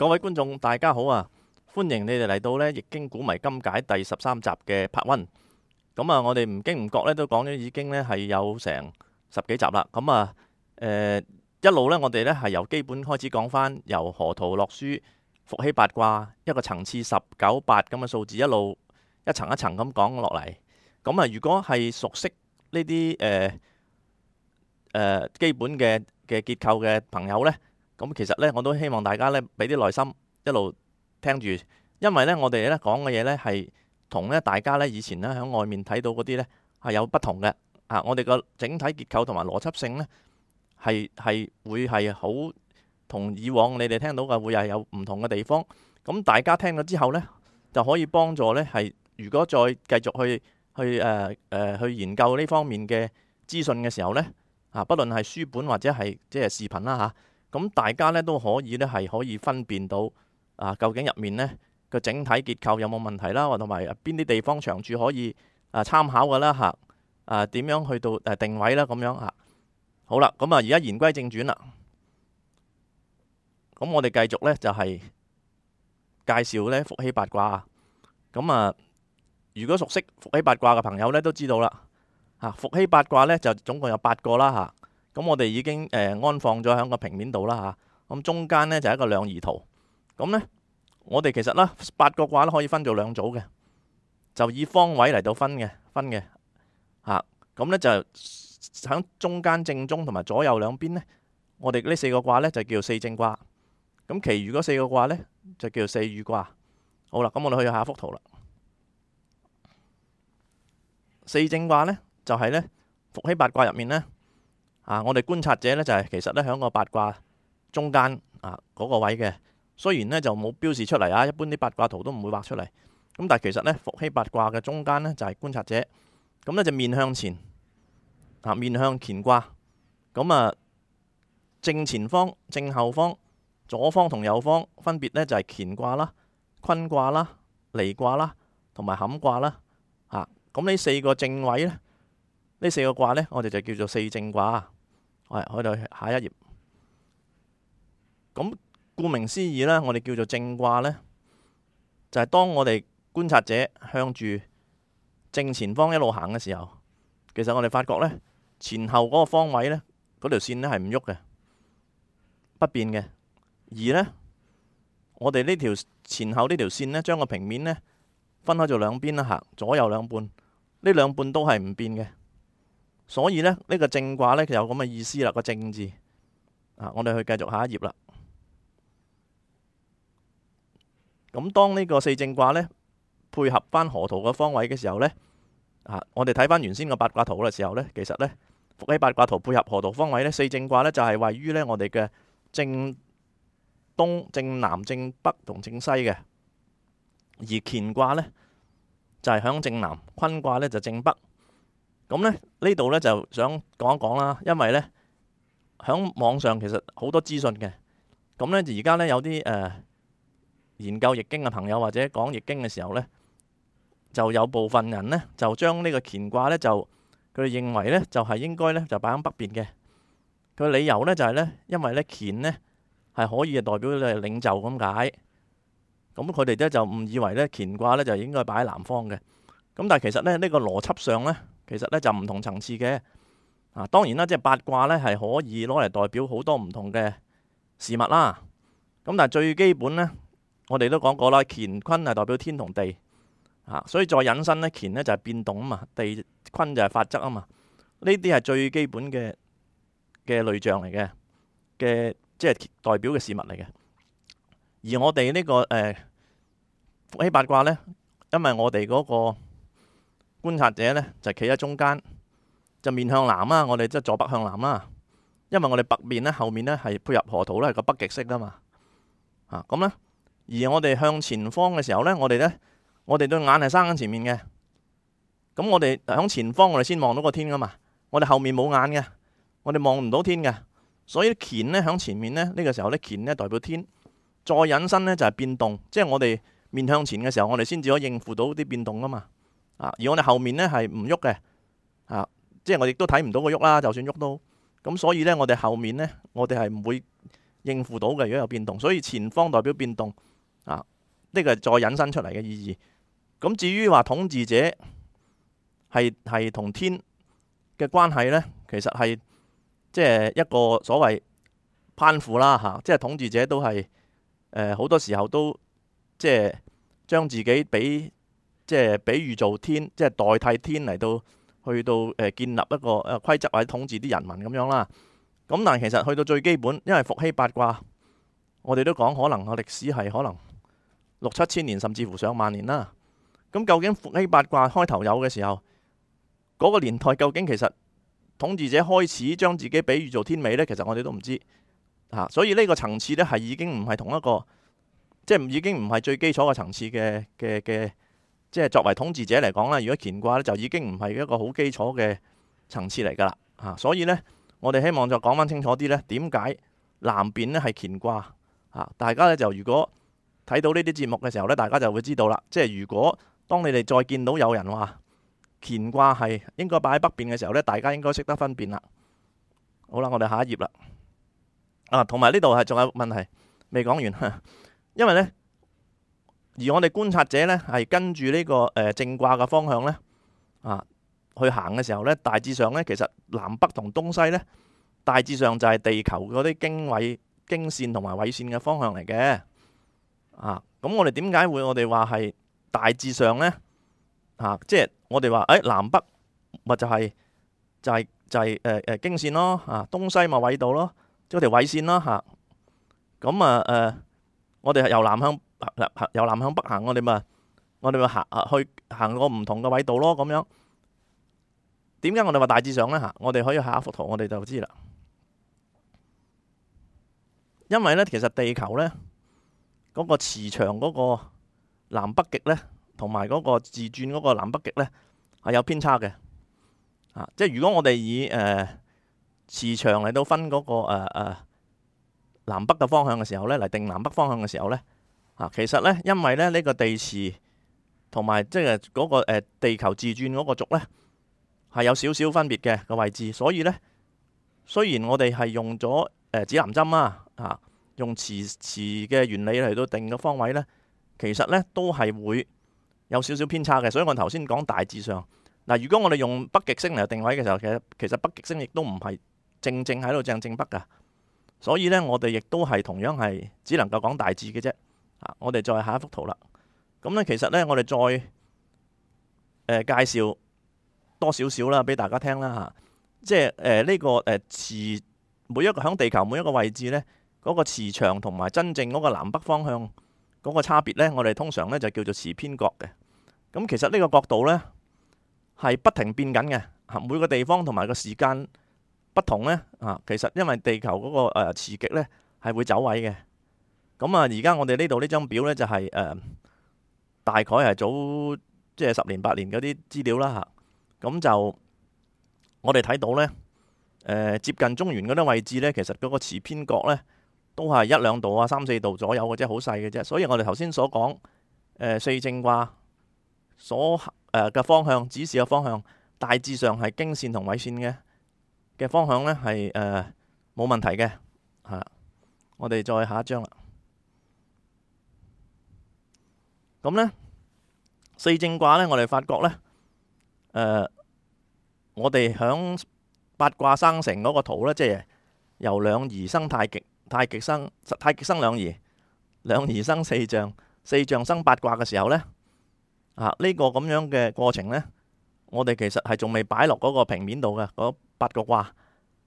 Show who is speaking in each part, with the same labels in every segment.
Speaker 1: 各位觀眾，大家好啊！歡迎你哋嚟到呢《易經古謎今解》第十三集嘅 Part 1。咁啊，我哋唔經唔覺呢都講咗已經呢係有成十幾集啦。咁啊，誒、呃，一路呢我哋呢係由基本開始講返，由河圖洛書、伏羲八卦一個層次十九八咁嘅數字，一路一層一層咁講落嚟。咁啊，如果係熟悉呢啲誒誒基本嘅嘅結構嘅朋友呢。咁其實咧，我都希望大家咧俾啲耐心一路聽住，因為咧，我哋咧講嘅嘢咧係同咧大家咧以前咧喺外面睇到嗰啲咧係有不同嘅啊。我哋個整體結構同埋邏輯性咧係係會係好同以往你哋聽到嘅會係有唔同嘅地方。咁、啊、大家聽咗之後咧就可以幫助咧係，如果再繼續去去誒誒、呃呃、去研究呢方面嘅資訊嘅時候咧啊，不論係書本或者係即係視頻啦嚇。啊。咁大家咧都可以咧係可以分辨到啊，究竟入面呢個整體結構有冇問題啦，或同埋邊啲地方長處可以啊參考噶啦吓啊，點樣去到誒定位啦咁樣吓。好啦，咁啊而家言歸正傳啦，咁我哋繼續咧就係介紹咧伏羲八卦。咁啊，如果熟悉伏羲八卦嘅朋友咧都知道啦，吓伏羲八卦咧就總共有八個啦吓。咁我哋已經誒安放咗喺個平面度啦吓，咁中間呢就係一個兩儀圖，咁呢，我哋其實啦，八個卦咧可以分做兩組嘅，就以方位嚟到分嘅，分嘅吓，咁咧就喺中間正中同埋左右兩邊呢。我哋呢四個卦呢，就叫四正卦，咁其餘嗰四個卦呢，就叫四隅卦。好啦，咁我哋去下一幅圖啦。四正卦呢，就係呢，伏羲八卦入面呢。啊！我哋觀察者咧就係、是、其實咧喺個八卦中間啊嗰、那個位嘅，雖然咧就冇標示出嚟啊，一般啲八卦圖都唔會畫出嚟。咁但係其實咧伏羲八卦嘅中間咧就係、是、觀察者，咁咧就面向前，啊面向乾卦，咁啊正前方、正後方、左方同右方分別咧就係、是、乾卦啦、坤卦啦、離卦啦同埋坎卦啦，啊咁呢、啊、四個正位咧，呢四個卦咧我哋就叫做四正卦。係，去到下一頁。咁，顧名思義咧，我哋叫做正卦呢，就係當我哋觀察者向住正前方一路行嘅時候，其實我哋發覺呢，前後嗰個方位呢，嗰條綫呢係唔喐嘅，不變嘅。而呢，我哋呢條前後呢條綫呢，將個平面呢分開咗兩邊啦，行左右兩半，呢兩半都係唔變嘅。所以咧，呢個正卦呢，就有咁嘅意思啦，個正字啊，我哋去繼續下一頁啦。咁、啊、當呢個四正卦呢，配合翻河圖嘅方位嘅時候呢，啊，我哋睇翻原先嘅八卦圖嘅時候呢，其實呢，伏羲八卦圖配合河圖方位呢，四正卦呢就係、是、位於呢我哋嘅正東、正南、正北同正西嘅，而乾卦呢，就係、是、響正南，坤卦呢，就正北。咁咧呢度咧就想講一講啦，因為咧喺網上其實好多資訊嘅。咁咧而家咧有啲誒、呃、研究易經嘅朋友或者講易經嘅時候咧，就有部分人咧就將這個呢個乾卦咧就佢哋認為咧就係、是、應該咧就擺喺北邊嘅。佢理由咧就係咧，因為咧乾咧係可以代表你係領袖咁解，咁佢哋咧就誤以為咧乾卦咧就應該擺喺南方嘅。咁但係其實咧呢、這個邏輯上咧。其實咧就唔同層次嘅，啊，當然啦，即係八卦咧係可以攞嚟代表好多唔同嘅事物啦。咁但係最基本咧，我哋都講過啦，乾坤係代表天同地，啊，所以再引申咧，乾咧就係變動啊嘛，地坤就係法則啊嘛。呢啲係最基本嘅嘅類象嚟嘅，嘅即係代表嘅事物嚟嘅。而我哋呢個誒伏羲八卦咧，因為我哋嗰個觀察者咧就企喺中間，就面向南啦，啊。我哋即係坐北向南啦，啊，因為我哋北面咧後面咧係配合河圖咧係個北極式噶嘛。吓，咁咧，而我哋向前方嘅時候咧，我哋咧我哋對眼係生喺前面嘅。咁、嗯、我哋喺前方，我哋先望到個天噶嘛。我哋後面冇眼嘅，我哋望唔到天嘅。所以乾咧喺前面咧呢、這個時候咧，乾咧代表天。再引申咧就係變動，即、就、係、是、我哋面向前嘅時候，我哋先至可以應付到啲變動噶嘛。啊！而我哋後面咧係唔喐嘅，啊，即係我哋都睇唔到個喐啦，就算喐到。咁所以咧我哋後面咧，我哋係唔會應付到嘅，如果有變動，所以前方代表變動，啊，呢個係再引申出嚟嘅意義。咁至於話統治者係係同天嘅關係咧，其實係即係一個所謂攀附啦，嚇，即係統治者都係誒好多時候都即係將自己俾。即係比喻做天，即係代替天嚟到去到誒、呃、建立一個誒規則，或者統治啲人民咁樣啦。咁但係其實去到最基本，因為伏羲八卦，我哋都講可能個歷史係可能六七千年，甚至乎上萬年啦。咁究竟伏羲八卦開頭有嘅時候嗰、那個年代，究竟其實統治者開始將自己比喻做天美呢？其實我哋都唔知嚇，所以呢個層次呢，係已經唔係同一個，即係已經唔係最基礎嘅層次嘅嘅嘅。即係作為統治者嚟講啦，如果乾卦咧就已經唔係一個好基礎嘅層次嚟㗎啦，嚇、啊！所以呢，我哋希望就講翻清楚啲咧，點解南邊咧係乾卦啊？大家咧就如果睇到呢啲節目嘅時候咧，大家就會知道啦。即係如果當你哋再見到有人話乾卦係應該擺喺北邊嘅時候咧，大家應該識得分辨啦。好啦，我哋下頁啦。啊，同埋呢度係仲有問題未講完哈哈，因為咧。而我哋觀察者咧，係跟住呢、這個誒、呃、正卦嘅方向咧，啊去行嘅時候咧，大致上咧其實南北同東西咧，大致上就係地球嗰啲經緯經線同埋緯線嘅方向嚟嘅啊。咁我哋點解會我哋話係大致上咧？啊，即係我哋話誒南北咪就係、是、就係、是、就係誒誒經線咯啊，東西咪緯度咯，即係條緯線咯嚇。咁啊誒、啊，我哋由南向。由南向北行，我哋咪我哋咪行去行個唔同嘅位度咯。咁樣，點解我哋話大致上咧吓？我哋可以下一幅圖，我哋就知啦。因為咧，其實地球咧嗰個磁場嗰個南北極咧，同埋嗰個自轉嗰個南北極咧，係有偏差嘅。啊，即係如果我哋以誒磁場嚟到分嗰個誒誒南北嘅方向嘅時候咧，嚟定南北方向嘅時候咧。其實呢，因為咧呢個地磁同埋即係嗰個地球自轉嗰個軸咧，係有少少分別嘅個位置，所以呢，雖然我哋係用咗誒指南針啊，嚇用磁磁嘅原理嚟到定個方位呢，其實呢都係會有少少偏差嘅。所以我頭先講大致上嗱，如果我哋用北極星嚟定位嘅時候，其實其實北極星亦都唔係正正喺度正正北噶，所以呢，我哋亦都係同樣係只能夠講大致嘅啫。我哋再下一幅圖啦。咁咧，其實咧，我哋再誒介紹多少少啦，俾大家聽啦吓。即係誒呢個誒磁每一個響地球每一個位置咧，嗰個磁場同埋真正嗰個南北方向嗰個差別咧，我哋通常咧就叫做磁偏角嘅。咁其實呢個角度咧係不停變緊嘅。吓，每個地方同埋個時間不同咧，啊，其實因為地球嗰個誒磁極咧係會走位嘅。咁啊，而家我哋呢度呢張表呢，就係誒，大概係早即係十年八年嗰啲資料啦吓。咁就我哋睇到呢，誒，接近中原嗰啲位置呢，其實嗰個磁偏角呢，都係一兩度啊，三四度左右嘅，啫，好細嘅啫。所以我哋頭先所講誒四正卦所誒嘅方向指示嘅方向，大致上係經綫同緯綫嘅嘅方向呢，係誒冇問題嘅吓。我哋再下一張啦。咁呢四正卦呢，我哋發覺呢，誒、呃，我哋響八卦生成嗰個圖呢，即係由兩儀生太極，太極生太極生兩儀，兩儀生四象，四象生八卦嘅時候呢，啊，呢、呢個咁樣嘅過程呢，我哋其實係仲未擺落嗰個平面度嘅嗰八個卦，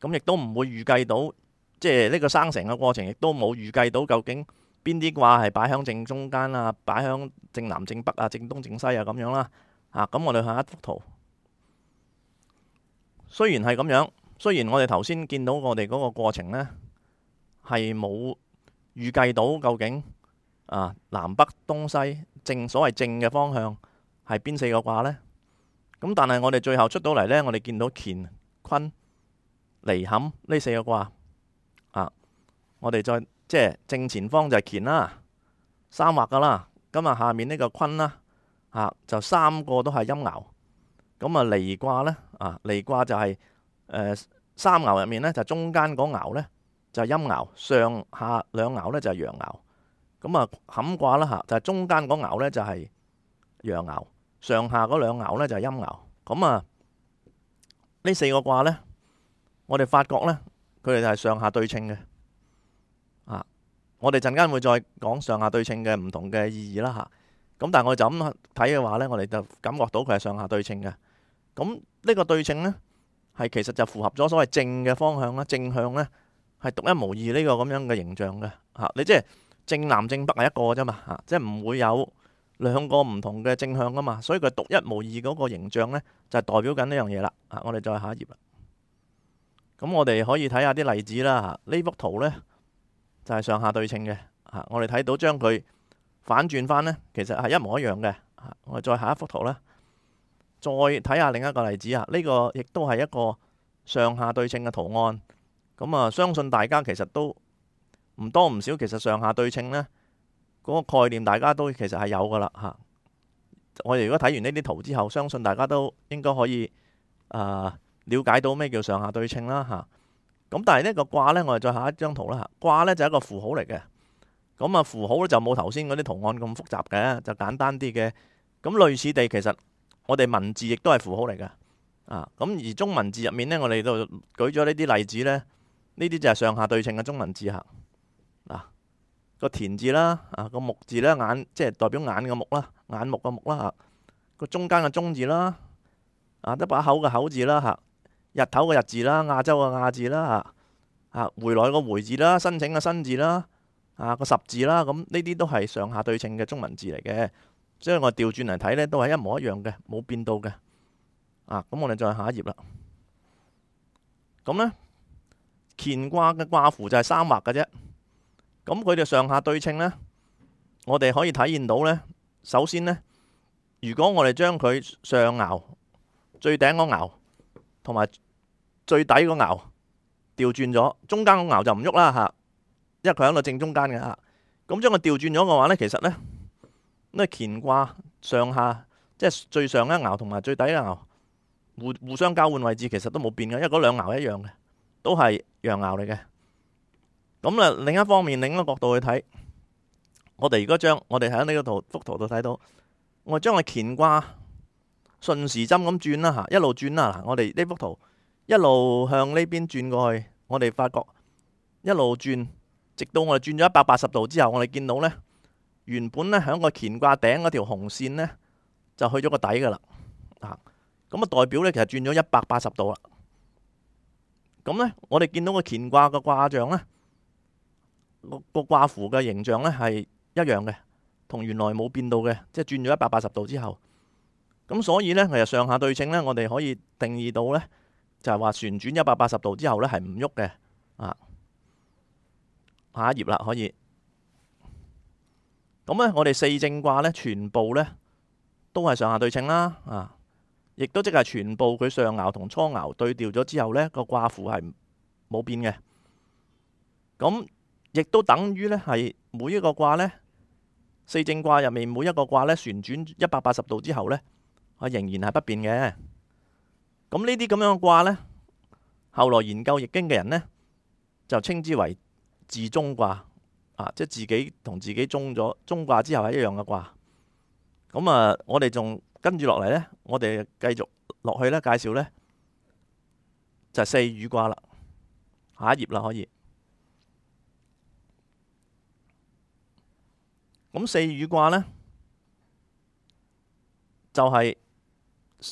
Speaker 1: 咁亦都唔會預計到，即係呢個生成嘅過程，亦都冇預計到究竟。邊啲卦係擺響正中間啊？擺響正南、正北啊、正東、正西啊咁樣啦。啊，咁我哋下一幅圖。雖然係咁樣，雖然我哋頭先見到我哋嗰個過程呢，係冇預計到究竟啊南北東西正所謂正嘅方向係邊四個卦呢。咁但係我哋最後出到嚟呢，我哋見到乾、坤、離、坎呢四個卦。啊，我哋再。即係正前方就係乾啦，三畫㗎啦，咁啊下面呢個坤啦，吓就三個都係陰爻，咁啊離卦咧啊離卦就係、是、誒三爻入面咧就中間嗰爻咧就陰爻，上下兩爻咧就陽爻，咁啊坎卦啦吓就係中間嗰爻咧就係陽爻，上下嗰兩爻咧就陰爻，咁啊呢四個卦咧，我哋發覺咧佢哋就係上下對稱嘅。我哋陣間會再講上下對稱嘅唔同嘅意義啦吓，咁但係我就咁睇嘅話咧，我哋就感覺到佢係上下對稱嘅。咁呢個對稱咧，係其實就符合咗所謂正嘅方向啦，正向咧係獨一無二呢個咁樣嘅形象嘅吓。你即係正南正北係一個啫嘛吓，即係唔會有兩個唔同嘅正向㗎嘛，所以佢獨一無二嗰個形象咧就係代表緊呢樣嘢啦。我哋再下頁啦。咁我哋可以睇下啲例子啦嚇，呢幅圖咧，就係上下對稱嘅，嚇！我哋睇到將佢反轉翻呢，其實係一模一樣嘅。我哋再下一幅圖啦，再睇下另一個例子啊！呢個亦都係一個上下對稱嘅圖案。咁啊，相信大家其實都唔多唔少，其實上下對稱呢個概念，大家都其實係有噶啦嚇。我哋如果睇完呢啲圖之後，相信大家都應該可以啊瞭解到咩叫上下對稱啦嚇。咁但係呢個卦呢，我哋再下一張圖啦吓。卦呢就係一個符號嚟嘅，咁啊符號咧就冇頭先嗰啲圖案咁複雜嘅，就簡單啲嘅。咁類似地，其實我哋文字亦都係符號嚟嘅啊。咁而中文字入面呢，我哋都舉咗呢啲例子呢。呢啲就係上下對稱嘅中文字吓，個田字啦，啊個、啊、木字咧、啊、眼，即係代表眼嘅木啦、啊，眼目木嘅木啦吓，個中間嘅中字啦，啊一、啊、把口嘅口字啦吓。日頭嘅日字啦，亞洲嘅亞字啦，吓吓，回來個回字啦，申請嘅申字啦，啊個十字啦，咁呢啲都係上下對稱嘅中文字嚟嘅，所以我調轉嚟睇呢都係一模一樣嘅，冇變到嘅，啊，咁我哋再下一頁啦，咁呢乾卦嘅卦符就係三畫嘅啫，咁佢哋上下對稱呢，我哋可以體驗到呢。首先呢，如果我哋將佢上爻最頂嗰爻。同埋最底個爻調轉咗，中間個爻就唔喐啦嚇，因為佢喺個正中間嘅嚇。咁將佢調轉咗嘅話咧，其實咧，因為乾卦上下即係最上一爻同埋最底爻互互相交換位置，其實都冇變嘅，因為嗰兩爻一樣嘅，都係陽爻嚟嘅。咁啊，另一方面另一個角度去睇，我哋如果將我哋喺呢個圖幅圖度睇到，我將個乾卦。順時針咁轉啦吓，一路轉啦。嗱，我哋呢幅圖一路向呢邊轉過去，我哋發覺一路轉，直到我哋轉咗一百八十度之後，我哋見到呢，原本呢喺個乾卦頂嗰條紅線呢，就去咗個底噶啦。啊，咁啊代表呢，其實轉咗一百八十度啦。咁呢，我哋見到個乾卦個卦象呢，個個卦符嘅形象呢係一樣嘅，同原來冇變到嘅，即係轉咗一百八十度之後。咁所以呢，其實上下對稱呢，我哋可以定義到呢，就係話旋轉一百八十度之後呢，係唔喐嘅。啊，下一頁啦，可以。咁、啊、呢，我哋四正卦呢，全部呢都係上下對稱啦。啊，亦都即係全部佢上爻同初爻對調咗之後呢，個卦符係冇變嘅。咁、啊、亦都等於呢，係每一個卦呢，四正卦入面每一個卦呢，旋轉一百八十度之後呢。仍然係不變嘅，咁呢啲咁樣嘅卦呢，後來研究易經嘅人呢，就稱之為自綜卦，啊，即係自己同自己綜咗綜卦之後係一樣嘅卦。咁啊，我哋仲跟住落嚟呢，我哋繼續落去咧介紹呢就係四隅卦啦，下一頁啦可以。咁四隅卦呢，就係、是。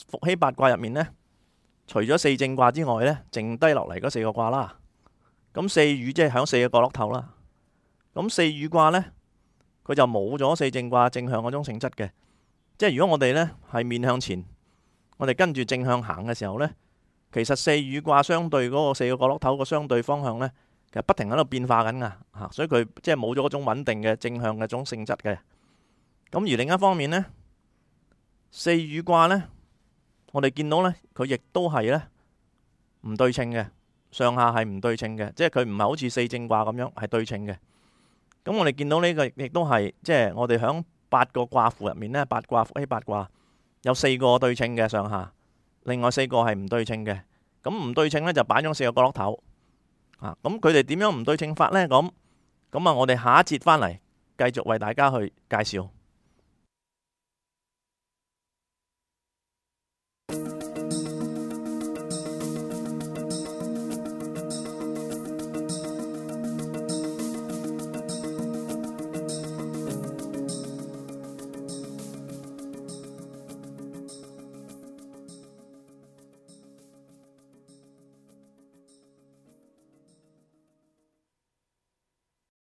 Speaker 1: 伏羲八卦入面呢，除咗四正卦之外呢，剩低落嚟嗰四個卦啦。咁四隅即係響四個角落頭啦。咁四隅卦呢，佢就冇咗四正卦正向嗰種性質嘅。即係如果我哋呢係面向前，我哋跟住正向行嘅時候呢，其實四隅卦相對嗰個四個角落頭個相對方向呢，其實不停喺度變化緊噶吓，所以佢即係冇咗嗰種穩定嘅正向嘅一種性質嘅。咁而另一方面呢，四隅卦呢。我哋見到呢，佢亦都係呢，唔對稱嘅，上下係唔對稱嘅，即係佢唔係好似四正卦咁樣係對稱嘅。咁我哋見到呢個亦都係，即係我哋喺八個卦符入面呢，八卦符喺八卦有四個對稱嘅上下，另外四個係唔對稱嘅。咁唔對稱呢，就擺咗四個角落頭啊。咁佢哋點樣唔對稱法呢？咁咁啊！我哋下一節翻嚟繼續為大家去介紹。